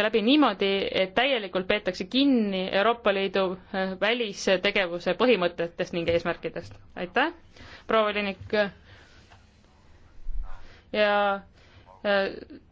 läbi niimoodi, et täielikult peetakse kinni Euroopa Liidu äh, välistegevuse põhimõtetest ning eesmärkidest. aitäh, proua volinik. ja äh,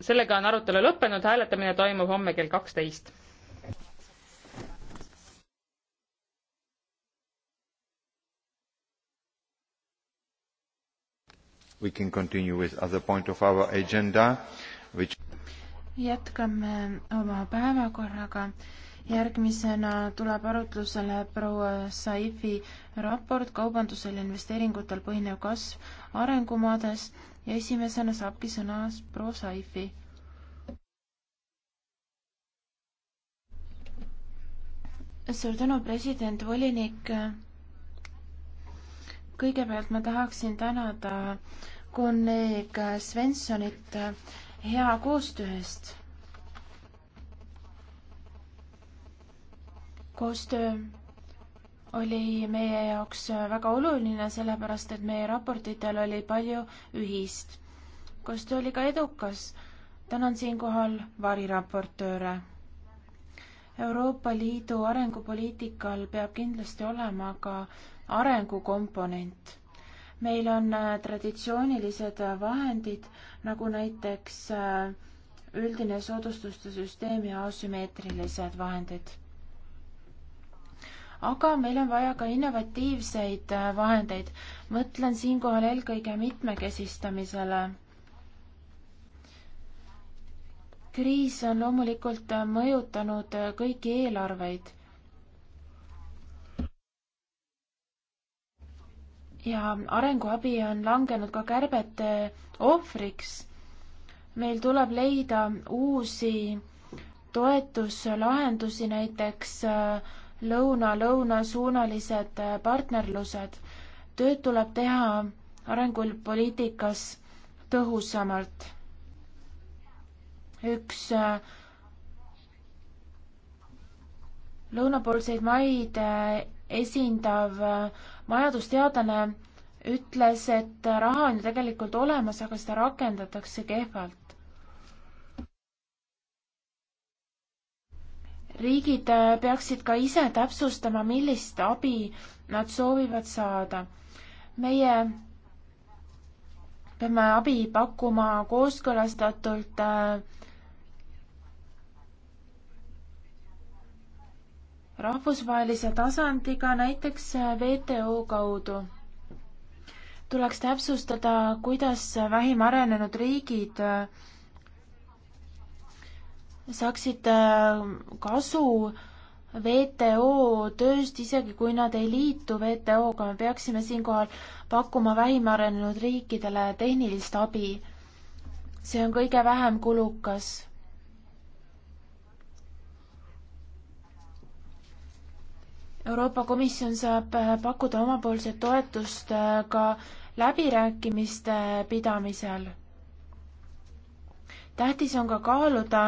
sellega on arutelu lõppenud, hääletamine toimub homme kell kaksteist. We can continue with other point of our agenda which jätkame oma päevakorraga. järgmisena tuleb arutlusele proua Saifi raport Kaubandusel ja investeeringutel põhinev kasv arengumaades ja esimesena saabki sõna proua Saifi. suur tänu, president, volinik. kõigepealt ma tahaksin tänada kolleeg Svenssonit hea koostöö eest. koostöö oli meie jaoks väga oluline, sellepärast et meie raportitel oli palju ühist. koostöö oli ka edukas. tänan siinkohal variraportööre. Euroopa Liidu arengupoliitikal peab kindlasti olema ka arengukomponent meil on äh, traditsioonilised äh, vahendid, nagu näiteks äh, üldine soodustuste süsteem ja asümmeetrilised vahendid. aga meil on vaja ka innovatiivseid vahendeid. mõtlen siinkohal eelkõige mitmekesistamisele kriis on loomulikult mõjutanud kõiki eelarveid ja arenguabi on langenud ka kärbete ohvriks. meil tuleb leida uusi toetuslahendusi, näiteks äh, lõuna-lõunasuunalised äh, partnerlused. tööd tuleb teha arengupoliitikas tõhusamalt. üks äh, lõunapoolseid maid esindav äh, majandusteadlane ütles, et raha on ju tegelikult olemas, aga seda rakendatakse kehvalt. riigid peaksid ka ise täpsustama, millist abi nad soovivad saada. meie peame abi pakkuma kooskõlastatult äh, rahvusvahelise tasandiga, näiteks WTO kaudu. tuleks täpsustada, kuidas vähim arenenud riigid äh, saaksid äh, kasu WTO tööst, isegi kui nad ei liitu WTO-ga, me peaksime siinkohal pakkuma vähim arenenud riikidele tehnilist abi. see on kõige vähem kulukas Euroopa Komisjon saab äh, pakkuda omapoolset toetust äh, ka läbirääkimiste pidamisel. tähtis on ka kaaluda,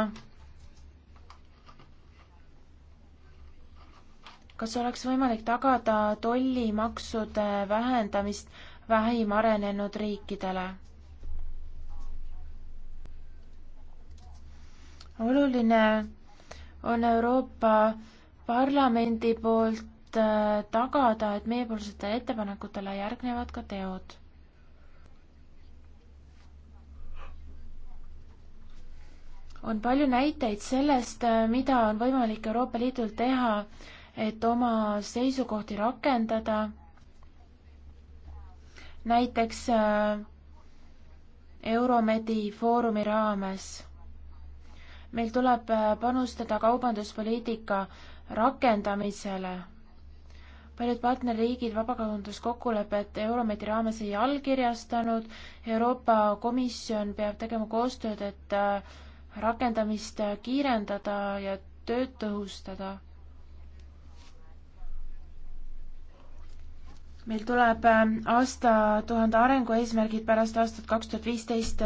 kas oleks võimalik tagada tollimaksude vähendamist vähim arenenud riikidele? oluline on Euroopa parlamendi poolt äh, tagada, et meiepoolsetele ettepanekutele järgnevad ka teod. on palju näiteid sellest, äh, mida on võimalik Euroopa Liidul teha, et oma seisukohti rakendada. näiteks äh, Euromedi foorumi raames. meil tuleb panustada kaubanduspoliitika rakendamisele. paljud partnerriigid vabakaubanduskokkulepet Euromeetri raames ei allkirjastanud. Euroopa Komisjon peab tegema koostööd, et äh, rakendamist äh, kiirendada ja tööd tõhustada. meil tuleb äh, aastatuhande arengueesmärgid pärast aastat kaks tuhat viisteist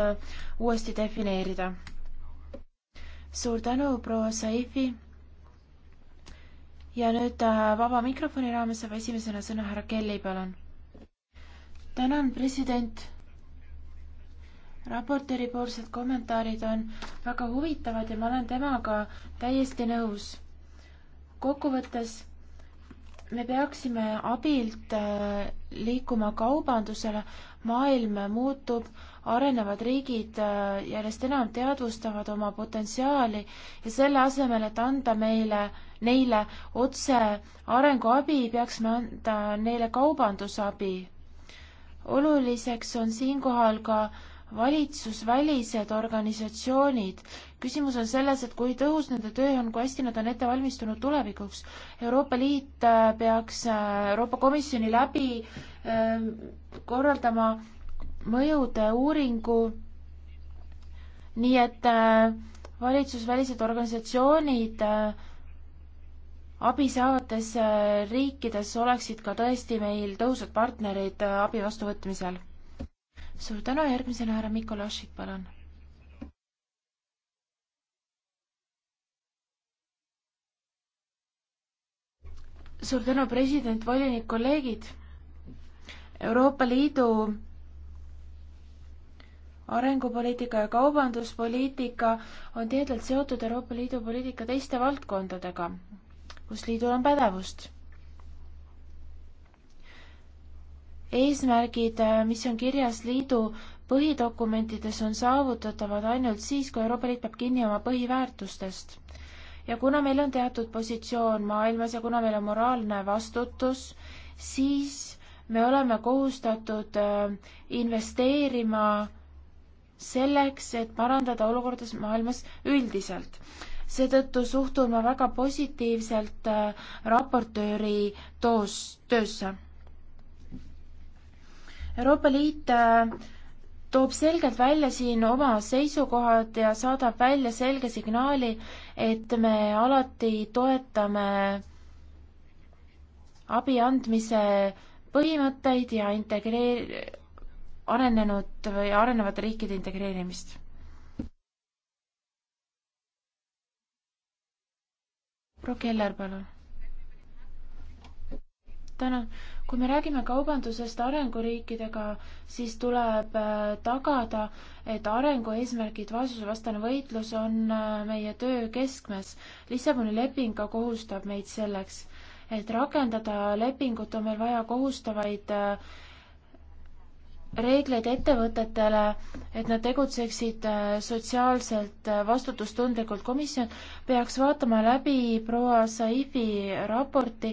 uuesti defineerida. suur tänu, proua Saifi ja nüüd äh, vaba mikrofoni raames saab esimesena sõna härra Kelly, palun. tänan, president. raportööri poolsed kommentaarid on väga huvitavad ja ma olen temaga täiesti nõus. kokkuvõttes me peaksime abilt äh, liikuma kaubandusele, maailm muutub, arenevad riigid äh, järjest enam teadvustavad oma potentsiaali ja selle asemel, et anda meile äh, neile otse arenguabi, peaksime anda neile kaubandusabi. oluliseks on siinkohal ka valitsusvälised organisatsioonid. küsimus on selles, et kui tõhus nende töö on, kui hästi nad on ette valmistunud tulevikuks. Euroopa Liit äh, peaks äh, Euroopa Komisjoni läbi ähm, korraldama mõjude uuringu, nii et äh, valitsusvälised organisatsioonid äh, abi saavates äh, riikides oleksid ka tõesti meil tõhusad partnerid äh, abi vastuvõtmisel. suur tänu, järgmisena härra Mikolašik, palun. suur tänu, president, volinik, kolleegid. Euroopa Liidu arengupoliitika ja kaubanduspoliitika on tihedalt seotud Euroopa Liidu poliitika teiste valdkondadega kus liidul on pädevust. eesmärgid, mis on kirjas liidu põhidokumentides, on saavutatavad ainult siis, kui Euroopa Liit peab kinni oma põhiväärtustest. ja kuna meil on teatud positsioon maailmas ja kuna meil on moraalne vastutus, siis me oleme kohustatud äh, investeerima selleks, et parandada olukorda maailmas üldiselt seetõttu suhtun ma väga positiivselt äh, raportööri toos, töösse. Euroopa Liit äh, toob selgelt välja siin oma seisukohad ja saadab välja selge signaali, et me alati toetame abi andmise põhimõtteid ja integreer-, arenenud või arenevate riikide integreerimist proua Keller, palun. tänan. kui me räägime kaubandusest arenguriikidega, siis tuleb äh, tagada, et arengu eesmärgid, vaesusevastane võitlus on äh, meie töö keskmes. Lissaboni leping ka kohustab meid selleks et rakendada lepingut, on meil vaja kohustavaid äh, reegleid ettevõtetele, et nad tegutseksid äh, sotsiaalselt äh, vastutustundlikult. komisjon peaks vaatama läbi proua Saifi raporti,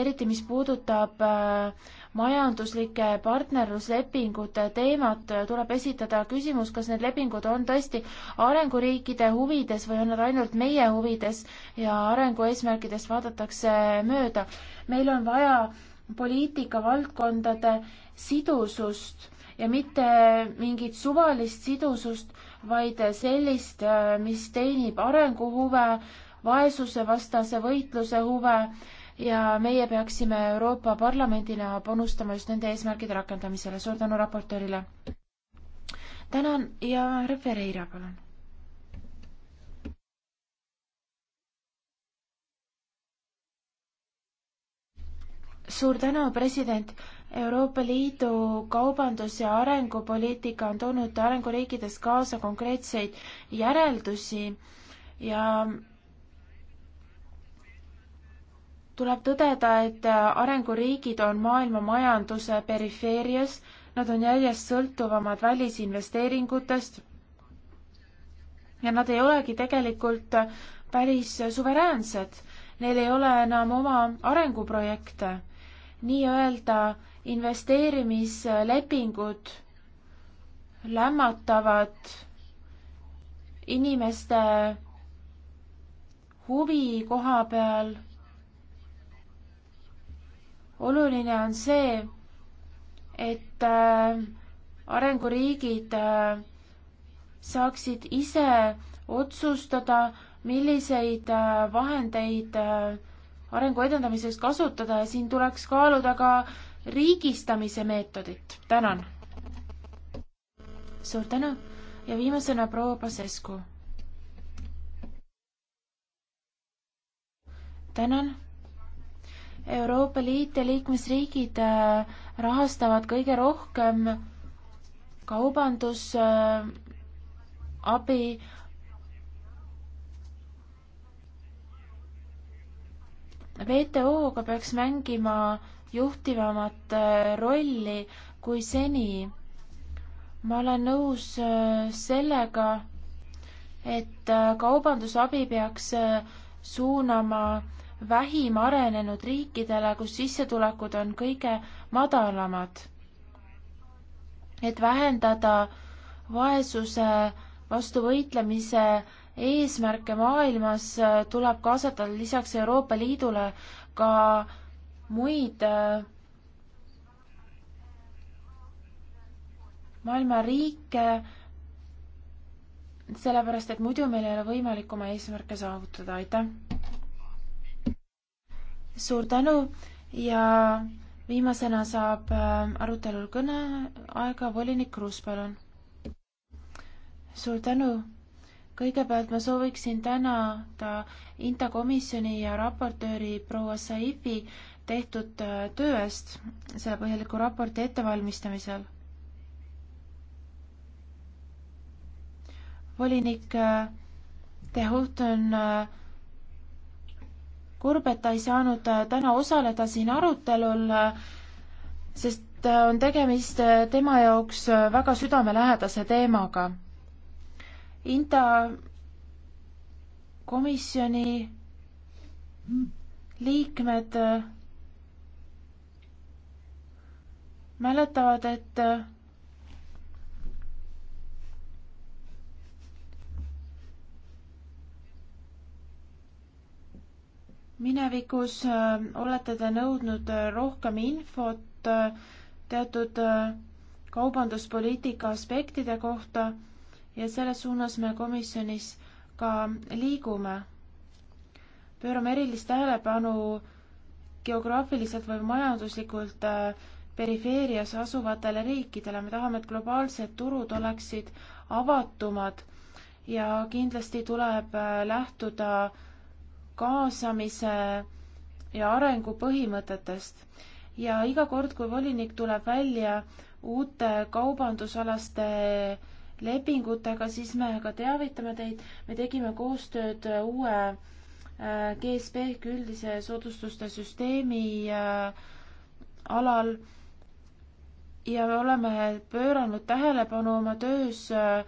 eriti mis puudutab äh, majanduslike partnerluslepingute teemat, tuleb esitada küsimus, kas need lepingud on tõesti arenguriikide huvides või on nad ainult meie huvides ja arengu eesmärkidest vaadatakse mööda. meil on vaja poliitikavaldkondade sidusust ja mitte mingit suvalist sidusust, vaid sellist, mis teenib arenguhuve, vaesusevastase võitluse huve ja meie peaksime Euroopa Parlamendina panustama just nende eesmärkide rakendamisele. suur tänu raportöörile! tänan ja härra Ferreira, palun! suur tänu, president! Euroopa Liidu kaubandus- ja arengupoliitika on toonud arenguriikides kaasa konkreetseid järeldusi ja tuleb tõdeda, et arenguriigid on maailma majanduse perifeerias, nad on järjest sõltuvamad välisinvesteeringutest ja nad ei olegi tegelikult päris suveräänsed. Neil ei ole enam oma arenguprojekte. nii-öelda investeerimislepingud lämmatavad inimeste huvi koha peal. oluline on see, et äh, arenguriigid äh, saaksid ise otsustada, milliseid äh, vahendeid arengu edendamiseks kasutada ja siin tuleks kaaluda ka riigistamise meetodit. tänan! suur tänu ja viimasena proua Pasescu. tänan! Euroopa Liit ja liikmesriigid äh, rahastavad kõige rohkem kaubandusabi äh, WTO-ga peaks mängima juhtivamat äh, rolli kui seni. ma olen nõus äh, sellega, et äh, kaubandusabi peaks suunama vähim arenenud riikidele, kus sissetulekud on kõige madalamad, et vähendada vaesuse vastu võitlemise eesmärke maailmas, tuleb kaasata lisaks Euroopa Liidule ka muid äh, maailma riike, sellepärast et muidu meil ei ole võimalik oma eesmärke saavutada, aitäh! suur tänu ja viimasena saab äh, arutelul kõne aega volinik Kruus, palun. suur tänu. kõigepealt ma sooviksin tänada Inta komisjoni ja raportööri proua Saifi tehtud äh, töö eest selle põhjaliku raporti ettevalmistamisel. volinik äh, De Hoht on äh, kurb, et ta ei saanud täna osaleda siin arutelul, sest on tegemist tema jaoks väga südamelähedase teemaga. Inta komisjoni liikmed mäletavad, et äh, minevikus äh, olete te nõudnud äh, rohkem infot teatud kaubanduspoliitika aspektide kohta ja selles suunas me komisjonis ka liigume. pöörame erilist tähelepanu geograafiliselt või majanduslikult perifeerias asuvatele riikidele, me tahame, et globaalsed turud oleksid avatumad ja kindlasti tuleb äh, lähtuda kaasamise ja arengu põhimõtetest. ja iga kord, kui volinik tuleb välja uute kaubandusalaste lepingutega, siis me ka teavitame teid, me tegime koostööd äh, uue äh, GSP ehk üldise soodustuste süsteemi alal ja me oleme pööranud tähelepanu oma töös äh,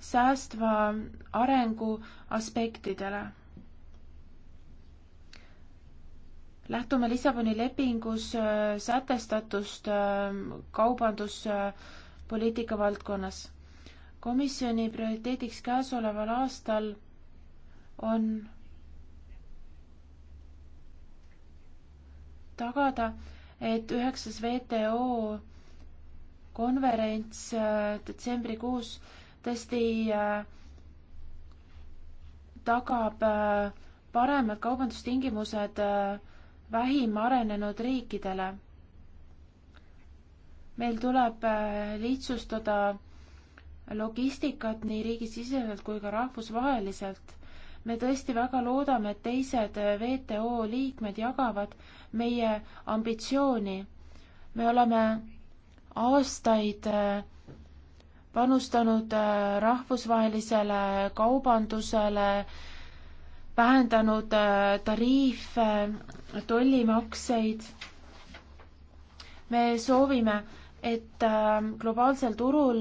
säästva arengu aspektidele. lähtume Lissaboni lepingus äh, sätestatust äh, kaubanduspoliitika valdkonnas. komisjoni prioriteediks käesoleval aastal on tagada, et üheksas WTO konverents äh, detsembrikuus tõesti äh, tagab äh, paremad kaubandustingimused vähim arenenud riikidele. meil tuleb lihtsustada logistikat nii riigisiseselt kui ka rahvusvaheliselt me tõesti väga loodame, et teised WTO liikmed jagavad meie ambitsiooni. me oleme aastaid äh, panustanud äh, rahvusvahelisele kaubandusele, vähendanud äh, tariife, tollimakseid. me soovime, et globaalsel turul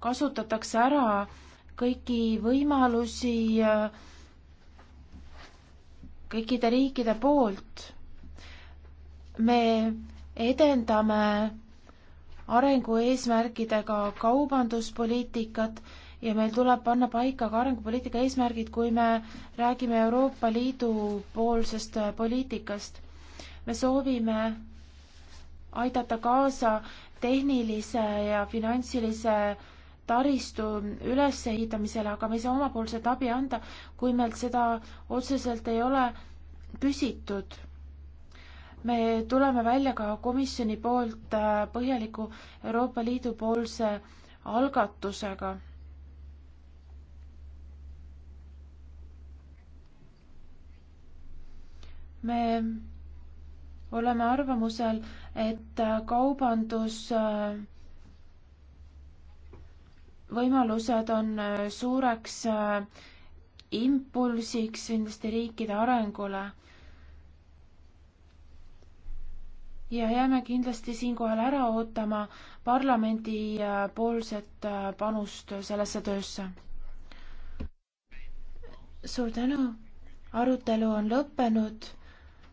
kasutatakse ära kõiki võimalusi äh, kõikide riikide poolt. me edendame arengueesmärkidega kaubanduspoliitikat ja meil tuleb panna paika ka arengupoliitika eesmärgid, kui me räägime Euroopa Liidu poolsest äh, poliitikast. me soovime aidata kaasa tehnilise ja finantsilise taristu ülesehitamisele, aga me ei saa omapoolset abi anda, kui meilt seda otseselt ei ole küsitud. me tuleme välja ka komisjoni poolt äh, põhjaliku Euroopa Liidu poolse algatusega. me oleme arvamusel, et kaubandus äh, võimalused on äh, suureks äh, impulsiks kindlasti riikide arengule. ja jääme kindlasti siinkohal ära ootama parlamendi äh, poolset panust sellesse töösse. suur tänu, arutelu on lõppenud,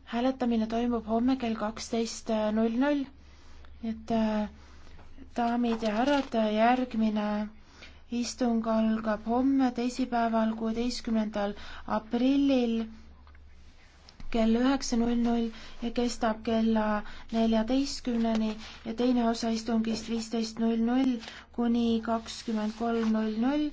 hääletamine toimub homme kell kaksteist null null, et daamid ja härrad, järgmine istung algab homme, teisipäeval, kuueteistkümnendal aprillil kell üheksa null null ja kestab kella neljateistkümneni ja teine osa istungist viisteist null null kuni kakskümmend kolm null null